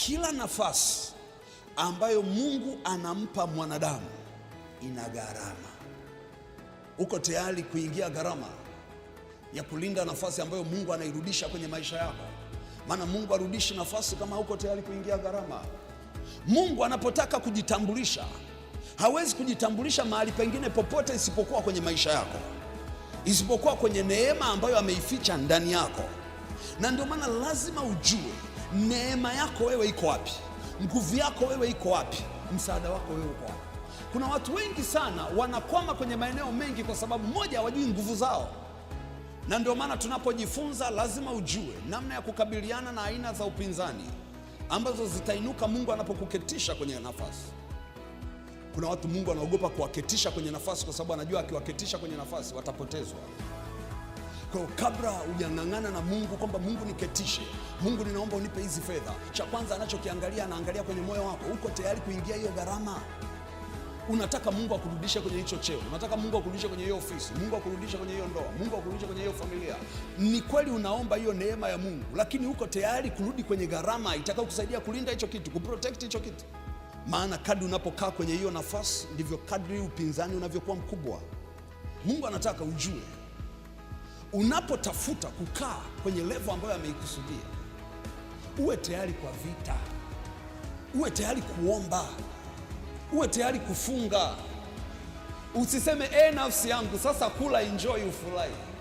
Kila nafasi ambayo Mungu anampa mwanadamu ina gharama. Uko tayari kuingia gharama ya kulinda nafasi ambayo Mungu anairudisha kwenye maisha yako? Maana Mungu arudishi nafasi kama uko tayari kuingia gharama. Mungu anapotaka kujitambulisha, hawezi kujitambulisha mahali pengine popote isipokuwa kwenye maisha yako, isipokuwa kwenye neema ambayo ameificha ndani yako, na ndio maana lazima ujue Neema yako wewe iko wapi? Nguvu yako wewe iko wapi? Msaada wako wewe uko wapi? Kuna watu wengi sana wanakwama kwenye maeneo mengi kwa sababu moja, hawajui nguvu zao, na ndio maana tunapojifunza lazima ujue namna ya kukabiliana na aina za upinzani ambazo zitainuka Mungu anapokuketisha kwenye nafasi. Kuna watu Mungu anaogopa kuwaketisha kwenye nafasi kwa sababu anajua akiwaketisha kwenye nafasi watapotezwa. Kwa hiyo kabla hujang'ang'ana na Mungu kwamba Mungu niketishe, Mungu ninaomba unipe hizi fedha, cha kwanza anachokiangalia anaangalia kwenye moyo wako, uko tayari kuingia hiyo gharama? Unataka Mungu akurudishe kwenye hicho cheo, unataka Mungu akurudishe kwenye hiyo ofisi, Mungu akurudishe kwenye hiyo ndoa, Mungu akurudishe kwenye hiyo familia. Ni kweli unaomba hiyo neema ya Mungu, lakini uko tayari kurudi kwenye gharama itakayokusaidia kulinda hicho kitu, kuprotect hicho kitu? Maana kadri unapokaa kwenye hiyo nafasi, ndivyo kadri upinzani unavyokuwa mkubwa. Mungu anataka ujue Unapotafuta kukaa kwenye levo ambayo ameikusudia, uwe tayari kwa vita, uwe tayari kuomba, uwe tayari kufunga. Usiseme e, nafsi yangu sasa kula, enjoy, ufurahi.